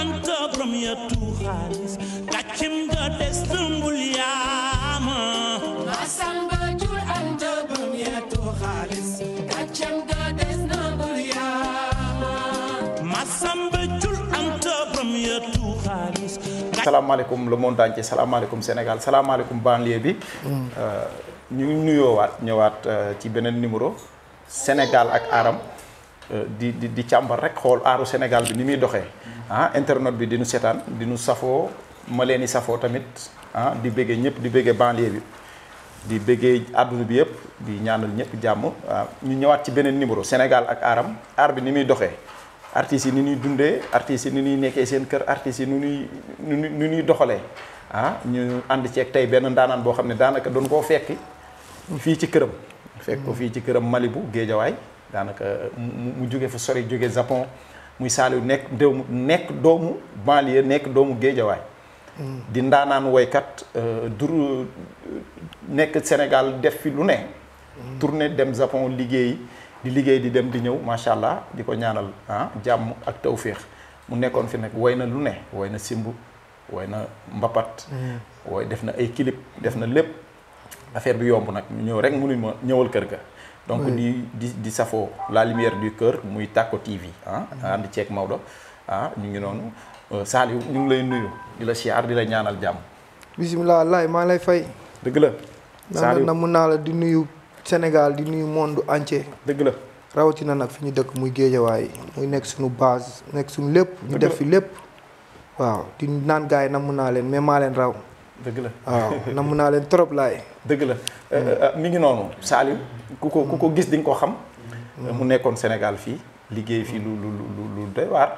tànk borom ya tuuxaalis gàccim ga des tëmbul yaama masamba jur anta borom ya tuuxaalis gàccim ga des ñëwaat euh, ci beneen numéro Sénégal ak aaram euh, di di di càmbar rek xool aaru Sénégal bi ni muy doxee ah internet bi dinu seetaan dinu nu safoo ma leen di safoo tamit ah di bëggee ñëpp di bëggee banlieue bi di bëggee àdduna bi yëpp di ñaanal ñëpp jàmm ah, ñu ñëwaat ci beneen numéro Sénégal ak aaram aar bi ni muy doxee artistes yi ni ñuy dundee artistes yi ni ñuy nekkee seen kër artistes yi nu ñuy nu ñuy doxalee ah ñu ànd ceeg tey benn ndaanaan boo xam ne daanaka doon koo fekki fii ci këram fekk ko fii ci këram Malibu Géejawaay daanaka mu mu jóge fa sori jóge Japon muy Saliou nekk déw nekk doomu banlieue nekk doomu géejawaay mm. di ndaanaan woykat euh, dur nekk Sénégal def fi lu ne mm. tourné dem Japon liggéey di liggéey di dem di ñëw macha allah di ko ñaanal ah jàmm ak féex mu nekkoon fi nekk woy na lu ne woy na simb woy na mbapat mm. woy def na ay kilip def na lépp affaire bi yomb nag ñëw rek mu ma ñëwal kër ga donc di di di safoo la lumière du kër muy Tacko TV ah mhm. ànd ceeg Maodo ah ñu ngi noonu euh, Saliou ñu ngi lay nuyu di la siyaar di la ñaanal jàmm bisimilah laay maa lay fay dëgg la Saliou na mun naa la di nuyu Sénégal di nuyu monde entier dëgg la rawatina nag fi ñu dëkk muy géejawaay muy nekk suñu base nekk suñu lépp ñu def fi lépp waaw di naan gars yi na mun naa leen mais maa leen raw dëgg la na namm naa leen trop laay. dëgg la euh, euh, euh, mu ngi noonu Saliou ku ko ku ko gis di ko xam. Mm. mu nekkoon Sénégal fii liggéey fii lu lu lu lu doy waar.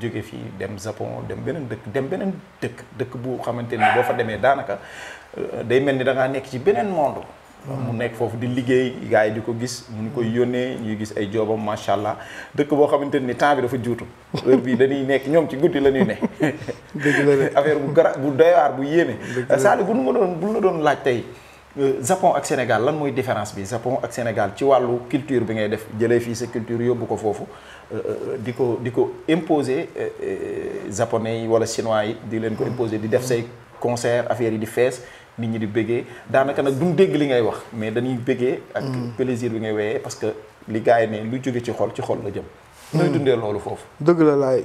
jóge fii dem Japon dem beneen dëkk dem beneen dëkk dëkk bu xamante ni boo fa demee daanaka day mel ni da nekk ci beneen monde. mu nekk foofu di liggéey gars yi di ko gis ñu ko yónnee ñuy gis ay joobam macha allah dëkk boo xamante ni ni temps bi dafa juutu heure bi dañuy nekk ñoom ci guddi la ñuy ne dëgg la affaire bu gara bu doywaar bu yéene Saliou bu nu ma doon bu la doon laaj tey euh, Japon ak Sénégal lan mooy différence bi Japon ak Sénégal ci wàllu culture bi ngay def jëlee fii sa culture yóbbu ko foofu euh, euh, di ko di ko imposer japonais yi wala chinois yi di leen ko imposer di def say concert affaire yi di fees nit ñi di bëggee daanaka nag duñ dégg li ngay wax mais dañuy bëggee. ak mm. plaisir bi ngay wéyee parce que li gars yi ne lu jóge ci xol ci xol la jëm. nooy mm. dundee loolu foofu. dëgg la laay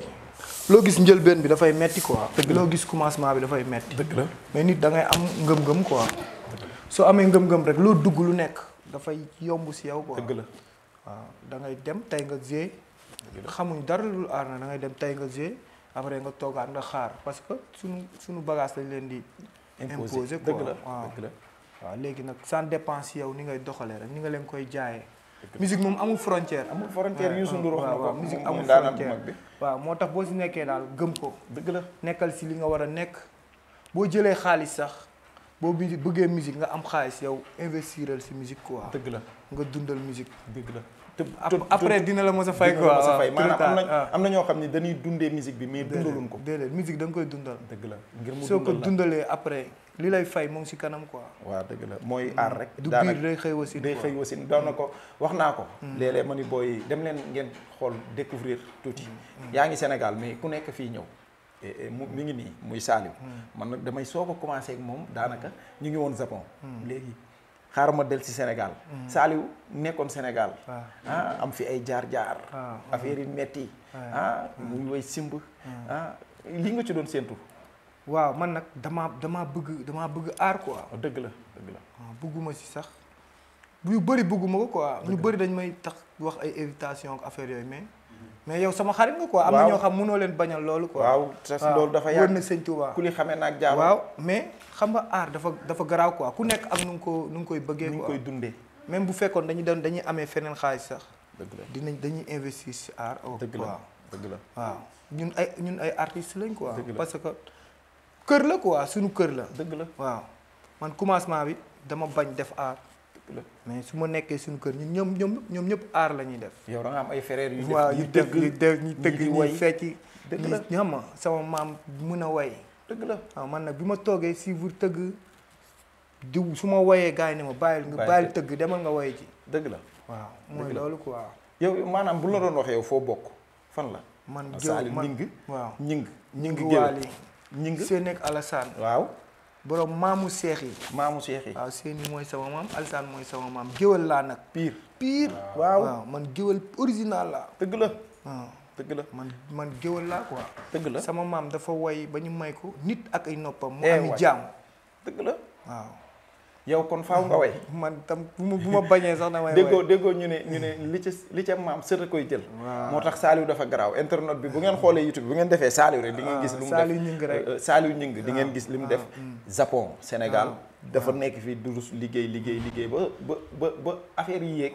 loo gis njëlbeen bi dafay metti ko dëgg loo gis commencement bi dafay metti dëgg la mais nit da ngay am ngëm-ngëm quoi. soo amee ngëm-ngëm rek loo dugg lu nekk dafay yomb si yow quoi. dëgg la waaw da ngay dem tey nga géej. xamuñ dara lu aar na da ngay dem tey nga géej après nga toogaat nga xaar parce que sunu sunu bagage lañ leen di. imposé quoi dëgg la dëgg la waaw léegi nag sans dépense yow ni ngay doxalee rek ni nga leen koy jaayee musique moom amul frontière amul frontière Youssou Ndour wax na ko waaw moo tax boo si nekkee daal gëm ko dëgg la nekkal si li nga war a nekk boo jëlee xaalis sax boo bëggee musique nga am xaalis yow investiral si musique quoi dëgg la nga dundal musique dëgg la après dina la mos a fay quoi maanaam ah. am na ñoo xam ne dañuy dundee musique bi mais dundaluñ ko déedéet musique da koy dundal dëgg la ngir mu soo ko dundalee après li lay fay moom si kanam quoi waaw dëgg la mooy mm. aar rek du biir day xëy wasin day xëy wasin doon na ko wax naa ko mm. léeg ma ni booy dem leen ngeen xool découvrir tuuti mm, yaa ngi Sénégal mais ku nekk fii ñëw e, e, mu mi ngi nii muy Saliou man nag damay soog a commencé ak moom daanaka ñu ngi woon Japon léegi xaaral ma del si Sénégal. Mm. Saliou nekkoon Sénégal. Ah. Ah, am fi ay jaar-jaar. Ah, affaire yi metti. ah mm. muy woy simb. Mm. li nga ci doon séentu. waaw man nag dama dama bëgg damaa bëgg aar ko oh, dëgg la dëgg la. bëgguma si sax. bu ñu bëri bëgguma ko quoi. ñu bëri dañ may tax wax ay invitation ak affaire yooyu mais. mais yow sama xarit nga quoi. am na ñoo xam mënoo leen bañal loolu. quoi waaw te loolu dafa yàgg na sëñ Tuubaa ku li xamee naag jaam waaw mais xam nga aar dafa dafa garaaw quoi ku nekk ak nu ngi ko nu ngi koy bëggee. quoi nu ngi koy dundee. même bu fekkoon dañu doon dañuy amee feneen xaalis sax. dinañ dañuy investir si aar. Oh, dëgg la dëgg la waaw ñun ay ñun ay artistes lañ quoi. parce que kër la quoi suñu kër la. dëgg la waaw man commencement bi dama bañ def aar. mais su ma nekkee suñu kër ñun ñoom ñoom ñoom ñëpp aar la def. yow da am ay frères yu. waaw yu def yu def ñu tëgg ñu fecc. dëgg la ñu xam sama maam mën a way. dëgg la waaw man nag bi ma toogee suivre tëgg di su ma woyee gars yi ne ma bàyyil nga bàyyil tëgg demal nga woye ci. dëgg la waaw mooy loolu quoi. yow maanaam bu la doon wax yow foo bokk fan la. man géew man Salim Ñing. waaw Ñing Ñing Géew Waly. Ñing Sénégal Alassane waaw. borom maamu seex yi. maamu seex yi waaw Séni mooy sama maam Alsaan mooy sama maam géwal laa nag. piir pire. waaw man géwal original laa. dëgg la waaw. dëgg man man géwal laa quoi. la sama maam dafa woy ba ñu may ko nit ak ay noppam. mu eh, ami jaam dëgg la waaw. yow kon faaw nga way man tam bu ma bañee sax damay déggoo déggoo ñu ne ñu ne li ca li ca maam sët a koy jël moo tax Saliou dafa garaaw internet bi bu ngeen xoolee YouTube bu ngeen defee Saliou rek di ngeen ah, euh, ah, gis li mu ah, def Saliou di ngeen gis li mu def Japon Sénégal dafa nekk fii durus liggéey liggéey liggéey ba ba ba ba affaire yi yéeg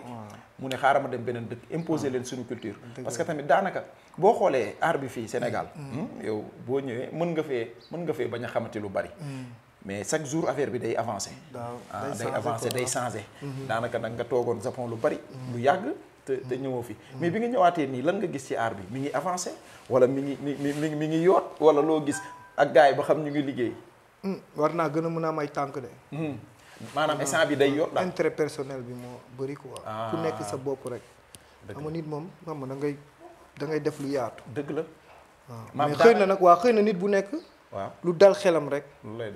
mu ne xaaral ma dem beneen dëkk imposer leen suñu culture parce que tamit daanaka boo xoolee art bi fii Sénégal mm. hmm, yow boo ñëwee mën nga fee mën nga fee bañ a xamante lu bari mm. mais chaque jour affaire bi day avancé. Ah, day avancé day changé. Mhm. daanaka nag nga toogoon Japon lu bari. Mhm. lu yàgg te te mhm. ñëwoo fi. mais bi nga ñëwaatee nii lan nga gis ci aar bi mi ngi avancé wala mi ngi mi ngi mi ngi yoot wala loo gis ak gars yi ba xam ñu ngi liggéey. Hmm, war naa gën a mën a am ay tànk de. Hmm. maanaam hmm. instant bi day yoot daal intérêt personnel moo bëri quoi. Ah. nekk sa bopp rek. dëgg la nit moom xam da ngay da ngay def lu yaatu. dëgg la. waaw ah, xëy na nag waa xëy na nit bu nekk. waaw lu dal xelam rek.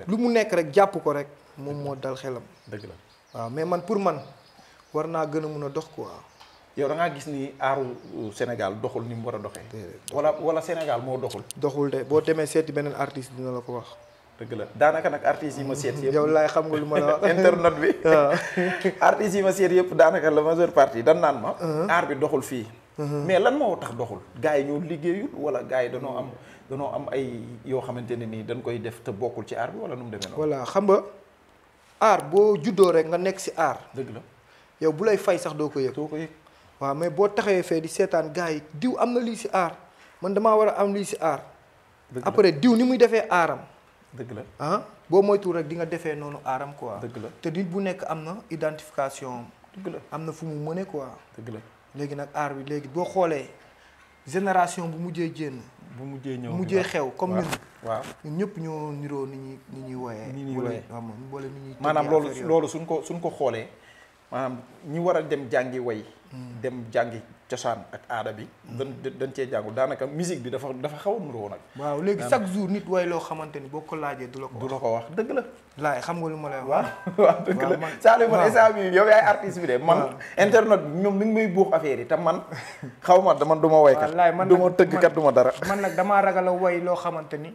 lu mu nekk rek jàpp ko rek moom moo dal xelam. dëgg la waaw mais man pour man war naa gën a mun a dox quoi. yow da ngaa gis ni aaru euh, Sénégal doxul ni mu war a doxe wala wala Sénégal moo doxul. doxul de boo demee seeti beneen artiste dina la ko wax. dëgg la daanaka nag artistes yi ma seet yëpp yow laay xam nga lu ma la wax internet bi. artistes yi ma seet yëpp daanaka la majeure partie dan naan ma. Uh-huh. aar bi doxul fii. Uh-huh. mais lan moo tax doxul gars yi ñoo liggéeyul wala gaa yi danoo am danoo am ay yoo xamante ne nii dañ koy def te bokkul ci aar bi wala nu mu demee noonu. voilà xam nga aar boo juddoo rek nga nekk si aar. dëgg la yow bu lay fay sax doo ko yëg. doo mais boo taxawee fee di seetaan gars yi diw am na lii si aar man damaa war a am lii si aar. après diw ni muy defee aaram. dëgg la ah boo moytuwul rek di nga defee noonu aaram quoi. dëgg la te nit bu nekk am na identification am. dëgg la am na fu mu mëne quoi. dëgg la. léegi nag aar bi léegi boo xoolee génération bu mujjee jénn bu mujjee ñëw mujjee xew comme ñun. waaw ñun ñëpp ñoo niroo ni ñuy ni ñuy wooyee. ni ñuy wooyee maanaam loolu loolu suñ ko suñ ko xoolee maanaam ñi waral dem jàngi way dem jàngi cosaan ak aada bi. dañ dan cee jàngul daanaka musique bi dafa dafa xaw a nuroo nag. waaw léegi chaque jour nit woy loo xamante ni boo ko laajee du la ko wax. du ko wax dëgg la. laay xam nga lu ma lay wax. waaw waaw dëgg la Saliou man bi yow yaay artiste bi de man. internet bi ñoom ni ngi may buux affaire yi te man xaw ma man du ma woy kat. wallaay man du ma tëgg kat du ma dara. man nag damaa ragal a woy loo xamante ni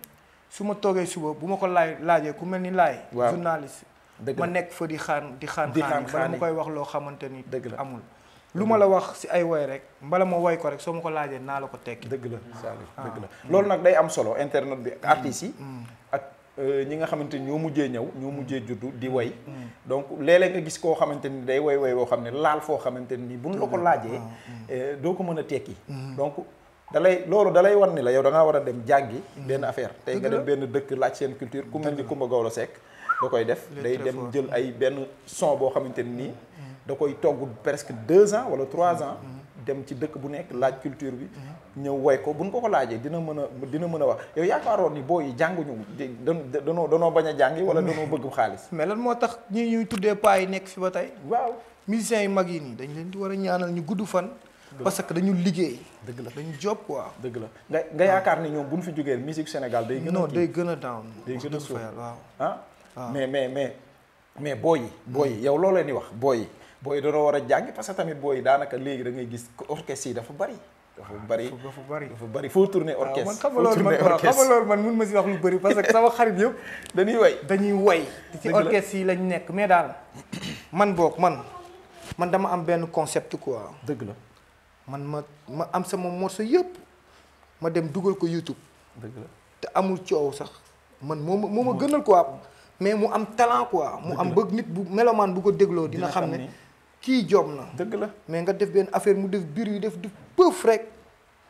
su ma toogee suba bu ma ko laaj laajee ku mel ni laay. journaliste. dëgg la ma nekk fa di xaan di xaan. di xaan xaan koy wax loo xamante ni amul lu ma la wax si ay woy rek mbala ma woy ko rek soo ma ko laajee naa la ko tekki. dëgg la Salif ah. dëgg la loolu nag day am solo internet bi ak mm. artistes yi. Mm. ak euh, ñi nga xamante ni ñoo mujjee ñëw ñoo mm. mujjee juddu di woy. donc léeg-léeg nga gis koo xamante ni day woy woy boo xam ne laal foo xamante ni buñ la ko laajee. Ah, euh, doo ko mën a tekki. donc dalay loolu dalay wan ni la yow da war a dem jàngi. benn affaire tey nga dem benn dëkk laaj seen culture ku mel ni Kumba Gawlo sekk da koy def. day dem jël ay benn son boo xamante ni. da koy togg presque deux ans wala trois ans. dem ci dëkk bu nekk laaj culture bi. ñëw woy ko buñ ko ko laajee dina mën a dina mën a wax yow yaakaaroon ni booy jànguñu danoo danoo bañ a jàngi wala danoo bëgg xaalis. mais lan moo tax ñi ñuy tuddee paa yi nekk fi ba tey. waaw musiciens yu mag yi nii dañu leen di war a ñaanal ñu gudd fan. parce que dañu liggéey. dëgg la dañu job quoi. dëgg la nga nga yaakaar ni ñoom bu ñu fi jógee musique Sénégal day. gën a non day gën a down. day gën a suuf ah? mais mais mais mais booy yi. booy yow loo leen di wax booy booy dañoo war a jàngi parce que tamit booy daanaka léegi da ngay gis orchestre yi dafa bari. dafa bari dafa bari dafa bari foo tourner orchestre foo tourner orchestre xam nga loolu man mun ma si wax lu bari parce que sama xarit yëpp dañuy way dañuy way ci orchestre yi lañ nekk mais daal man boog man man dama am benn concept quoi dëgg la man ma ma am sama morceau yëpp ma dem dugal ko YouTube dëgg la te amul coow sax man moo ma moo ma gënal quoi mais mu am talent quoi mu am bëgg nit bu mélomane bu ko dégloo dina xam ne kii joom na dëgg la mais nga def benn affaire mu def biir yu def du pëf rek.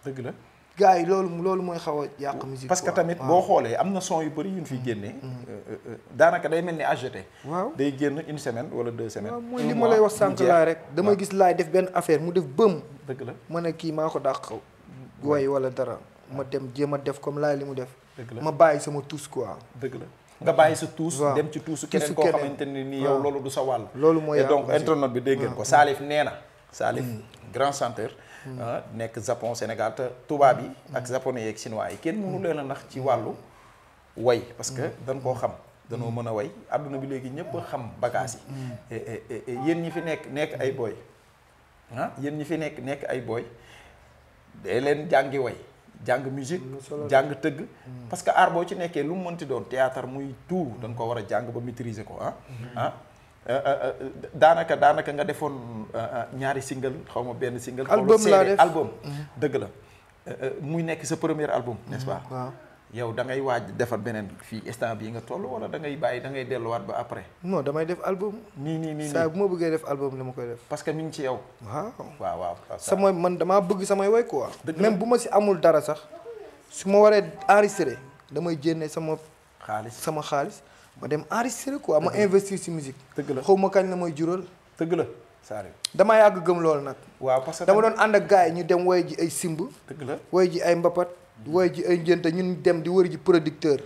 dëgg la gars yi loolu loolu mooy xaw a yàq musique parce que tamit boo xoolee am na son yu bëri yu ñu fiy génnee. Mm-hmm. Euh, euh, euh, daanaka day mel ni AGT. waaw day génn une semaine wala deux semaines. waaw mooy li ma lay wax sànq laa rek. damay gis laay def benn affaire mu def bëm. dëgg la ma ne kii maa ko dàq. Oh. way wala dara ma dem jéem a def comme laay li mu def. ma bàyyi sama tous quoi. dëgg la. nga bàyyi sa tuus dem ci su keneen koo xamante ne nii yow loolu du sa wàll loolu mooy donc internet bi dégg ngeen ko Salif neena na Salif mm. grand chanteur mm. ah, nekk Japon Sénégal te tubaab yi ak mm. japonais yeeg chinois yi kenn mënu leen a nax ci wàllu woy parce que dañ koo xam danoo mën a woy àdduna bi léegi ñëpp xam bagage yi yéen ñi fi nekk nekk ay booy ah yéen ñi fi nekk nekk ay booy day leen jàngi way jàng musique jàng tëgg mm. parce que art boo ci nekkee lu mu mënti doon théâtre muy tout danga nga ko war a jàng ba maîtriser ko ah. Mm-hmm. Ah. Euh, euh, euh, daanaka daanaka nga defoon ñaari single xaw ma benn single album mm-hmm. dëgg la muy nekk sa premier album n'est-ce yow da ngay waaj defar beneen fii instant yi nga toll wala da bàyyi da ngay delluwaat ba après. non damay def album. nii nii nii saa bu ma bëggee def album dama koy def. parce que mi ngi ci yow. waaw waaw waaw. sama man damaa bëgg samay way quoi. même bu ma si amul dara sax su ma waree enregistré damay jénne sama. xaalis sama xaalis ma dem enregistré quoi ma investir si musique. dëgg la xaw ma kañ la mooy juróol dëgg la. saare dama yàgg gëm loolu nag. waaw parce que dama doon ànd ak gars ñu dem woy ji ay simb. dëgg la woy ji ay mbapat. di woy ji ay ngénte ñun dem di wëri ji producteur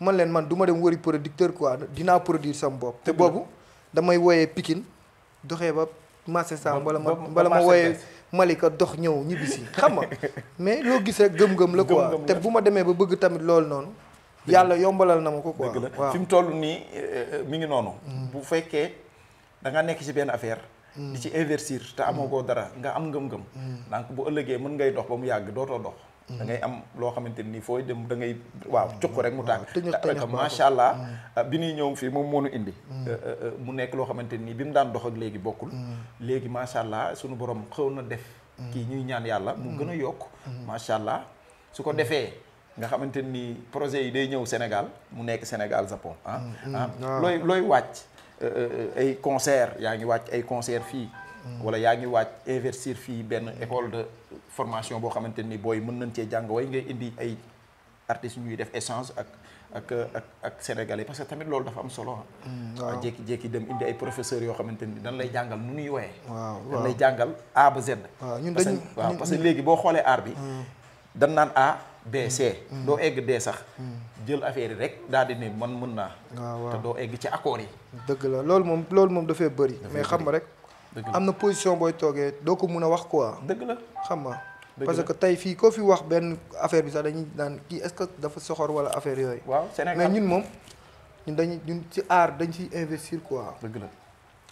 man leen man duma dem wëri producteur quoi dinaa produire sama bopp te boobu damay woyee Pikine doxee ba marché sam wala ma wala ma woyee Malika dox ñëw ñibbisi xam nga mais loo gis rek gëm-gëm la quoi te bu ma demee ba bëgg tamit loolu noonu yàlla yombalal na ma ko quoi waa fi mu toll nii euh, euh, mi ngi noonu mm. bu fekkee da nga nekk ci benn affaire mm. di ci investir te amoo mm. ko dara nga am ngëm-ngëm donc bu ëllëgee mën ngay dox ba mu yàgg dootoo dox da ngay am loo xamante nii foo dem da ngay waaw mm. cukk rek mu tàng te macha allah mm. ah, bi ñuy ñëw fii moom moo nu indi mm. eh, eh, eh, mu nekk loo xamante nii bi mu daan dox ak léegi bokkul léegi macha allah suñu borom xaw na def kii ñuy ñaan yàlla mu gën a yokk macha allah su ko defee nga xamante nii projet yi day ñëw Sénégal mu nekk Sénégal Japon ah, ah. ah. looy looy wàcc ay concert yaa ngi wàcc ay concert fii Mm. wala yaa ngi waaj investir fii benn école de formation boo xamante ni booy mën nañ cee jàng way ngay indi ay artistes ñuy def échange ak ak ak ak sénégalais parce que tamit loolu dafa am solo ah. Mm, ah, waaw jékki-jékki dem indi ay professeurs yoo xamante ni dañ lay jàngal nu ñuy woyee waaw jàngal A ba Z waaw ñun dañu waaw parce que léegi boo xoolee aar bi mm. dan naan A B C doo egg D sax jël affaire yi rek daal di ne man mën naa te doo egg ci accords yi dëgg la loolu moom loolu moom dafay bëri mais xam nga rek am na position booy toogee doo ko mun a wax quoi. dëgg la xam nga parce que tey fii koo fi wax benn affaire bi sax dañuy naan kii est-ce que dafa soxor walla affaire yooyu. waaw mais ñun moom ñun dañuy ñun ci aar dañ ciy investir quoi. dëgg la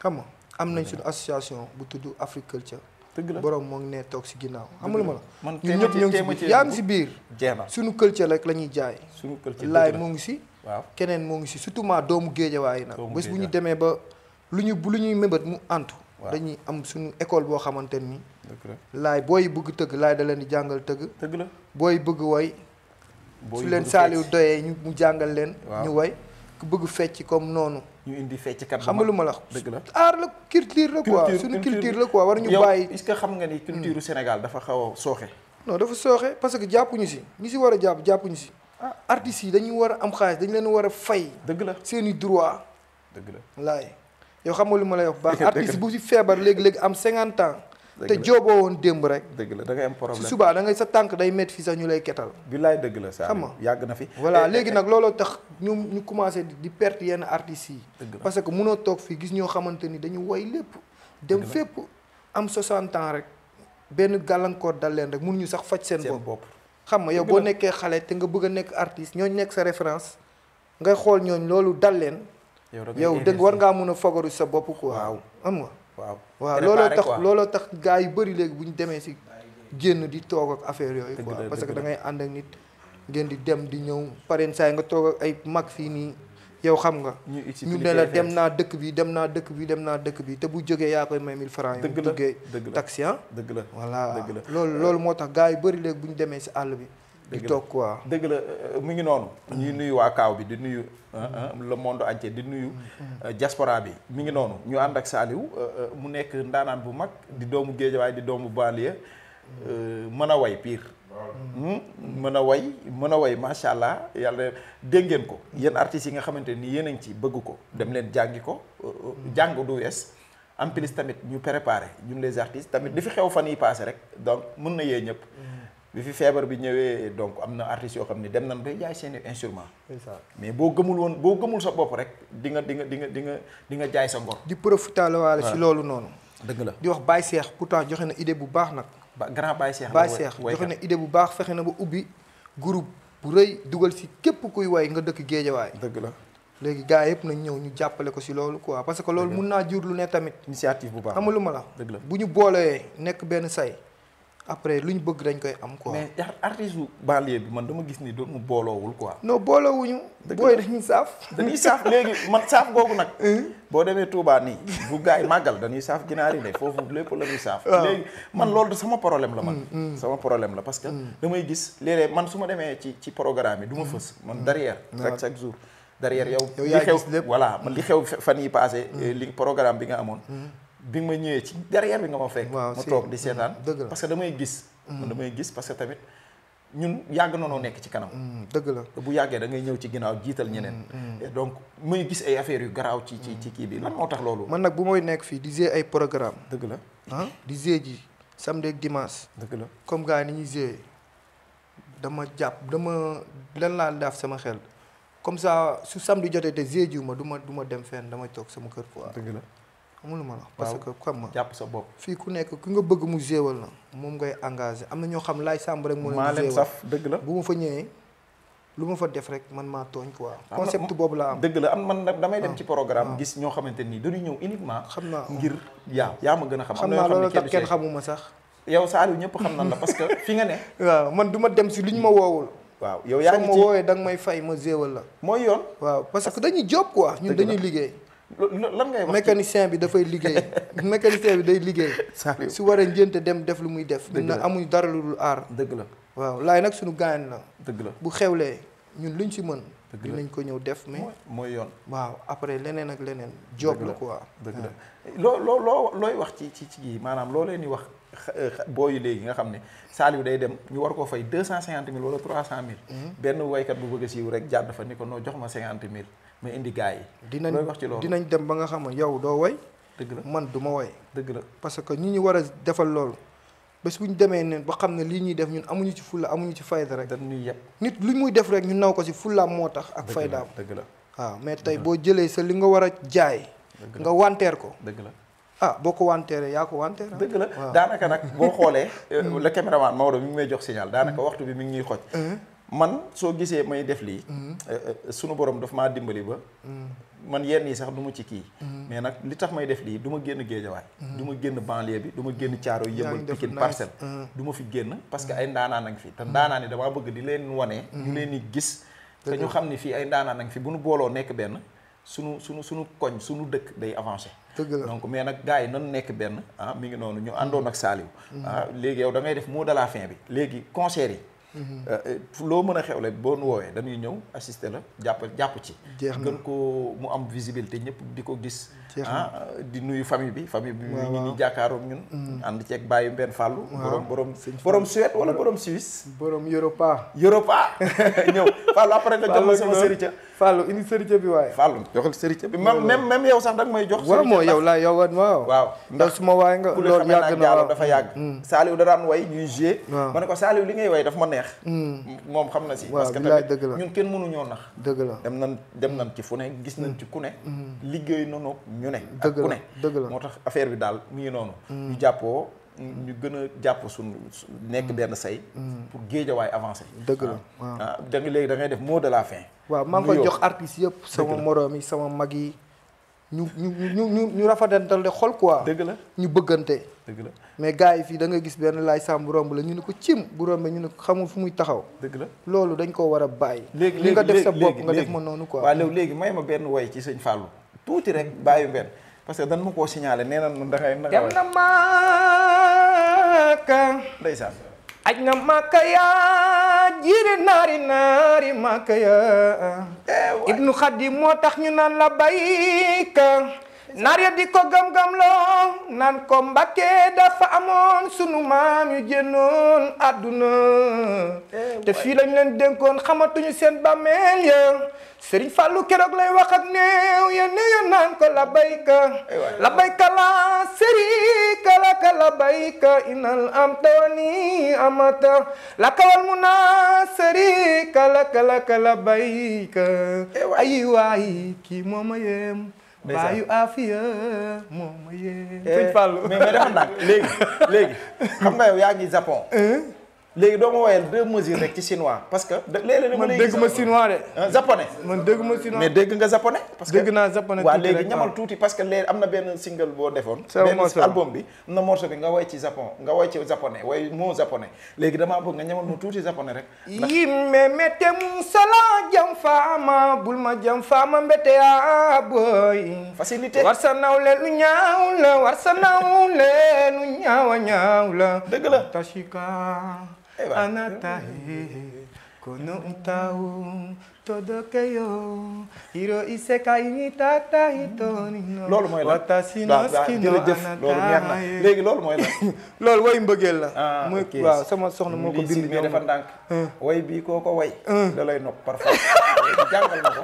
xam nga am nañ suñu association bu tudd Afrique Culture. dëgg la borom moo ngi ne toog si ginnaaw. amul ma la ñu ñun ñëpp ñoo ngi ci yaa ngi si biir. jeex na suñu culture rek la ñuy jaay. suñu culture laay moo ngi si. waaw keneen moo ngi si surtout maa doomu waaye nag. bés bu ñu demee ba lu ñu bu lu ñuy mëbët mu antu. dañuy am suñu école boo xamante ni. laay booy bëgg tëgg laay da leen di jàngal tëgg. tëgg la booy bëgg woy. su leen saaliw doyee ñu mu jàngal leen. ñu woy ku bëgg fecc comme noonu. ñu indi fecc kat xam nga lu la dëgg la aar la culture la quoi suñu culture la quoi war ñu bàyyi. est que xam nga ni hmm. culture Sénégal dafa xaw a sooxe. non dafa sooxe parce que jàppuñu si ñu si war a jàpp jàppuñu si. ah artistes yi dañuy war a am xaalis dañu leen war a fay. dëgg la seen droit. dëgg la laay. yow xam nga lu ma lay wax baax artiste bu si feebar léegi-léegi am cinquante ans te jooboo woon démb rek dëgg la da am problème si subaa dangay sa tànk day métti fii sax ñu lay ketal billaay dëgg la xam nga yàgg na fi voilà eh, léegi eh, nag eh. looloo tax ñu ñu commencé di perte yenn artistes yi parce que munoo toog fii gis ñoo xamante ni dañu woy lépp dem fépp am 60 ans rek benn gàllankoor dal leen rek mun ñu sax faj seen bopp xam nga yow boo nekkee xale te nga bëgg a nekk artiste ñooñ nekk sa référence ngay xool ñooñ loolu dal leen yow dëgg war ngaa mun a fagaru sa bopp quoi. am nga. waaw waaw looloo tax looloo tax gars yu bëri léegi bu ñu demee si génn di toog ak affaire yooyu parce que dangay ànd ak nit ngeen di dem di ñëw pareen saa yi nga toog ak ay mag fii nii yow xam nga ñu ne la dem naa dëkk bi dem naa dëkk bi dem naa dëkk bi te bu jógee yaa koy may 1000 francs yu duggee taxi ah dëgg la voilà loolu loolu moo tax gars yi bëri léegi bu ñu demee si àll bi di toog quoi dëgg la euh, mu ngi noonu. ñuy nuyu waa Kaaw bi di nuyu. Euh, euh, le monde entier di nuyu. jaspora bi mi ngi noonu ñu ànd ak Saliou mu nekk ndaanaan bu mag di doomu Géejawaay di doomu banlieue mën a way piir hmm? mën a way mën a way macha allah yàlla dégg ngeen ko yéen artistes yi nga xamante ni yéen a ngi ci bëgg ko dem leen jàngi ko. Hmm. jàng du wees en plus tamit ñu préparé ñun les artistes tamit di fi xew fan yi paase rek donc mën na yee ñëpp. Hmm. bi fi feebar bi ñëwee donc am na artistes yoo xam ne dem nañ bay jaay seeni instrument mais boo gëmul woon boo gëmul sa bopp rek di nga di di nga di nga di nga jaay sa ngor. di profiter la waale loolu noonu. dëgg la di wax Baye Cheikh joxe na idée bu baax nag. ba grand Baye Cheikh. Baye Cheikh joxe na idée bu baax fexe na ba ubbi groupe bu rëy dugal si képp kuy way nga dëkk géejawaay. dëgg la. léegi gars yëpp nañ ñëw ñu jàppale ko si loolu quoi parce que loolu mun naa jur lu ne tamit. initiative bu baax xam ma la. dëgg la bu ñu boolee nekk benn say. après lu ñu bëgg dañ koy am quoi. mais artiste bu bi man dama gis ni doon mu booloowul quoi. non booloowuñu. booy dañuy saaf. dañuy saaf léegi man saaf googu nag. boo demee Touba nii. bu gars yi màggal dañuy saaf ginaar yi de foofu lépp la saaf. léegi man loolu sama problème la man. Mm, mm. sama problème la parce que. Mm. damay gis léeg man su ma demee ci ci programme yi du ma fës. man derrière chaque jour. derrière yow. yow yaa gis lépp li xew voilà man li xew fan yi passé. Euh, li programme bi nga amoon. bi ma ñëwee ci derrière bi nga ma fekk. ma toog di seetaan. parce que damay gis. Mm. man damay gis parce que tamit ñun yàgg noonu nekk ci kanam. Mm, dëgg la bu yàggee da ngay ñëw ci ginnaaw jiital ñeneen. Mm, donc muy gis ay affaires yu garaaw ci ci ci kii bi lan moo tax loolu. man nag bu may nekk fii di gérer ay programme dëgg la ah di gérer ji samedi ak dimanche. dëgg la comme gars yi ni ñuy gérer dama jàpp dama lan laa daaf sama xel comme ça su samedi jotee te gérer jiw ma du du ma dem fenn damay toog sama kër quoi. dëgg amul ma la parce que xam ma jàpp sa bopp. fii ku nekk ku nga bëgg mu géewal na moom ngay engagé am na ñoo xam laay sàmb rek. moo leen géewal saf dëgg la bu ma fa ñëwee. lu ma fa def rek man maa tooñ quoi. Ah, concept boobu la dëgg la am man damay dem ah. ci programme ah. gis ñoo xamante nii dañuy ñëw uniquement. xam naa ngir yaa yaa ma gën a xam. am na yoo xam ne loolu tax sax. yow Saliou ñëpp xam nan la parce que fi nga ne. waaw man du ma dem si ñu ma woowul. waaw yow yaa ngi ci soo ma woowee da nga may fay ma zéewal la. mooy yoon. waaw parce que dañuy job quoi ñun dañuy liggéey. lan ngay wax mécanicien bi dafay liggéey mécanicien bi day liggéey. su waree njënte dem def lu muy def. dëgg la amuñu dara lu dul aar. dëgg la waaw laay nag suñu gaañ la. dëgg la bu xewlee ñun ñu ci mën. dinañ ko ñëw def mais mooy yoon. waaw après leneen ak leneen. joob la quoi waa la loo loo loo looy wax ci ci ci maanaam loo leen di wax booyu léegi nga xam ne Saliou day dem ñu war koo fay deux cent cinquante mille wala trois cent mille. Mhm. benn waykat bu bëgg a siiw rek noo jox ma mille. mais indi gars yi. dinañ wax ci loolu dinañ dem ba nga xam ne yow doo woy. dëgg man duma woy. dëgg la parce que ñi ñu war a defal loolu bés bu ñu demee neen ba xam ne lii ñuy def ñun amuñu ci fulla amuñu ci fayda rek. dañuy yeb nit lu muy def rek ñu naw ko si fullaam moo tax. ak faydaam dëgg la waaw mais tey boo jëlee sa li nga war a jaay. nga wanteer ko dëgg la. ah boo ko wanteeree yaa ko wanteer ah? dëgg la daanaka nag boo xoolee. Euh, le caméraman Maodo mi ngi may jox signal daanaka mm. waxtu bi mi ngi ñuy xoj. Mm. man soo gisee may def lii. Mm-hmm. Eh, eh, sunu borom daf maa dimbali ba. Mm-hmm. man yenn yi sax du ma ci kii. Mm-hmm. mais nag li tax may def lii duma ma génn géejawaay. du ma génn banlieue bi du génn caaro yëmbal Pikine parcelle. du ma fi génn parce que ay ndaanaan a ngi fi. te ndaanaan yi damaa bëgg di leen wane. ñu leen di gis. te ñu xam ne ay ndaanaan a fi bu nu booloo nekk benn. sunu sunu sunu koñ sunu dëkk day avancé. donc mais nag gars yi nan nekk benn ah mi ngi noonu ñu àndoon ak Saliou. ah léegi yow da def moo de la fin bi. léegi concert yi. Euh, loo mën a xewle boo nu woowee dañuy ñëw assister la jàpp jàpp ci. gën ko mu am visibilité ñëpp di ko gis. ah di nuyu famille bi famille bi. waaw ñu ngi jàkkaaroog ñun. Mm. ànd ceeg bàyyi mbenn fàllu. borom borom borom Suède wala borom Suisse. borom Europa. Europa ñëw fàllu après nga jël sama sëri ca Fallou indi sërite bi waaye. Fallou joxal sërite bi. même même yow sax danga may jox. sërite moo waaw yow laa yow waaw. waaw ndax su ma waay nga. loolu yàgg na waaw dafa yàgg. Mm. Saliou da daan way ñuy ma ne ko Saliou li ngay way dafa ma neex. Mm. moom xam na si. parce que tamit ñun kenn mënuñoo nax. dëgg la dem nan dem nan ci fu ne gis nañ mm. ci ku ne. liggéey noonu ñu ne. dëgg la ak moo tax affaire bi daal mu noonu. ñu jàppoo. ñu gën a jàpp suñu nekk benn say. pour géejawaay avancé. dëgg la ah. waaw ah, da léegi da ngay def mot de la fin. waaw maa ngi koy jox artistes yëpp. sama moroom yi sama mag yi. ñu ñu ñu ñu ñu rafetal de xol quoi. dëgg la ñu bëggante. dëgg la mais gars yi fii da gis benn laay sàmm bu romb la ñu ne ko cim bu rombee ñu ne ko xamul fu muy taxaw. dëgg la loolu dañ ko war a bàyyi. léegi léegi nga def sa bopp nga def ma noonu quoi. waaw léegi may ma benn way ci sëñ Fallou tuuti rek bàyyi benn parce que dan ma koo signalé nee na da ngay. dem na ma. màkka ndeysaan aj na màkka yaa jiire naari naari màkka ya eh, ibnu xadim moo tax ñu naan la bayka naar ya di ko gam-gamloo naan ko Mbàkke dafa amoon sunu maam yu génnoon àdduna eh, te fii lañ leen dénkoon xamatuñu seen bàmmeel ya Sëriñ Fàllu keroog lay wax ak néew ya ne ya naan ko labayka labayka laa sharika laka labayka innal amta wa ni amata laka wal munaa sharika laka laka labayka eh, ay waay kii mooma baayu afiya moom ma yee. Eh, sëñ Fallou mais mais dafa nag léegi léegi xam nga yow yaa ngi léegi doo ma woyal deux rek ci chinois parce que. léeg-léeg man dégg ma chinois de. Ah, japonais man dégg ma chinois. mais dégg nga japonais. parce que dégg naa japonais tuuti waaw léegi ñamal tuuti parce que léegi am na benn single boo defoon. benn album bi am na morceau bi nga woy ci japon nga woy ci japonais woy moo japonais léegi damaa bëgg nga ñamal ma tuuti japonais rek. yimme mete mu sala jam faama bul ma jam faama mbete a boy. facilité war sa naw le lu ñaaw la war sa naw le lu a あなたへこの歌を届けよう広い世界にたった一人の loolu mooy la 私の好きのあなたへ léegi loolu mooy la loolu way mbëggeel la muy waaw sama soxna moo ko bind mais dafa ndànk way bii koo ko way da lay nopp parfois jàngal na ko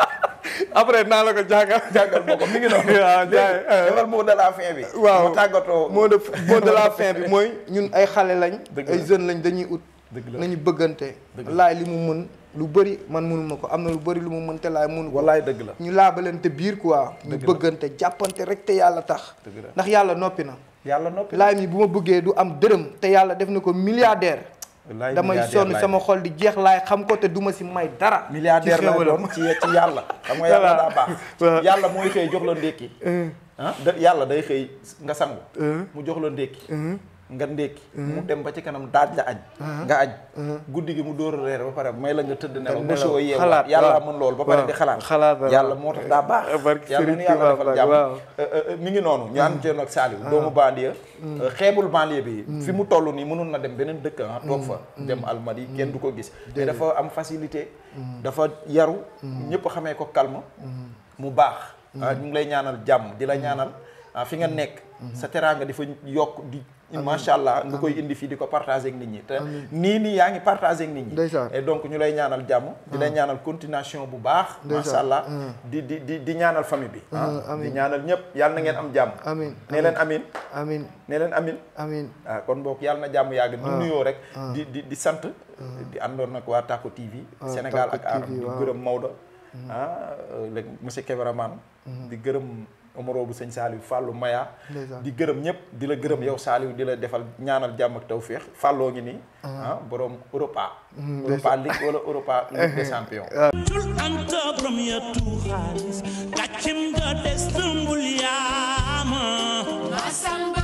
après naa la ko jàngal jàngal moo ko mi ngi noonu waaw defal mot fin bi waaw tàggatoo mot de mot de la fin bi mooy ñun ay xale lañ ay jeunes lañ dañuy ut nañu bëggante laay li mu mën lu bari man mënuma ko am na lu bari lu mu mën te laay mënu ko wallaay dëgg la ñu laabalante biir quoi ñu bëggante jàppante rek te yàlla tax ndax yàlla noppi na yàlla noppi laay mi bu ma bëggee du am dërëm te yàlla def na ko milliardaire damay sonn sama xol di jeex laay xam ko te duma si may dara milliardaire la doon ci ci yàlla xam yàlla daa baax yàlla mooy xëy jox la ndékki euh. ah yàlla day xëy nga sangu euh. mu jox la ndékki euh. nga ndékki mm-hmm. mu dem ba ci kanam daal la añ mm-hmm. nga añ mm-hmm. guddi gi mu dóor a reer ba pare may la nga tëdd ne bu soo yeewu yàlla mën loolu ba pare di xalaat xalaat yàlla moo tax daa baax yàlla nu yàlla defal jàmm eh, eh, eh, mi ngi noonu ñu am ceen ak Saliou doomu banlieue xeebul banlieue bi fi mu toll nii mënul na dem beneen dëkk ah toog fa dem yi kenn du ko gis mais dafa am facilité dafa yaru ñëpp xamee ko calme mu baax ah, ñu ngi lay ñaanal jàmm di la ñaanal ah, fi nga nekk sa teraanga di yokk macha allah nga koy indi fii di ko partagé ak nit ñi te nii nii yaa ngi partagé ak nit ñi et ñu lay ñaanal jàmm di lay ah. ñaanal continuation bu baax macha allah ah. di di di ñaanal famille bi ah, ñaanal ñëpp yàlla na ngeen am jàmm amin ne leen amin amin ne leen kon mbokk yàlla na jàmm yàgg ñu nuyoo rek di di di sant di àndoon nag waa Tako TV Sénégal ak Aram mm. euh, mm. di gërëm Maodo ah léegi monsieur Cameraman di gërëm omoro bu sëñ Saliou Fallou Maya di gërëm ñëpp di la gërëm yow Saliou di la defal ñaanal jàmm ak tawféex Falloo ngi nii ah, ah borom Europa mm, Europa League wala Europa League nga ah. des tëmbul yaama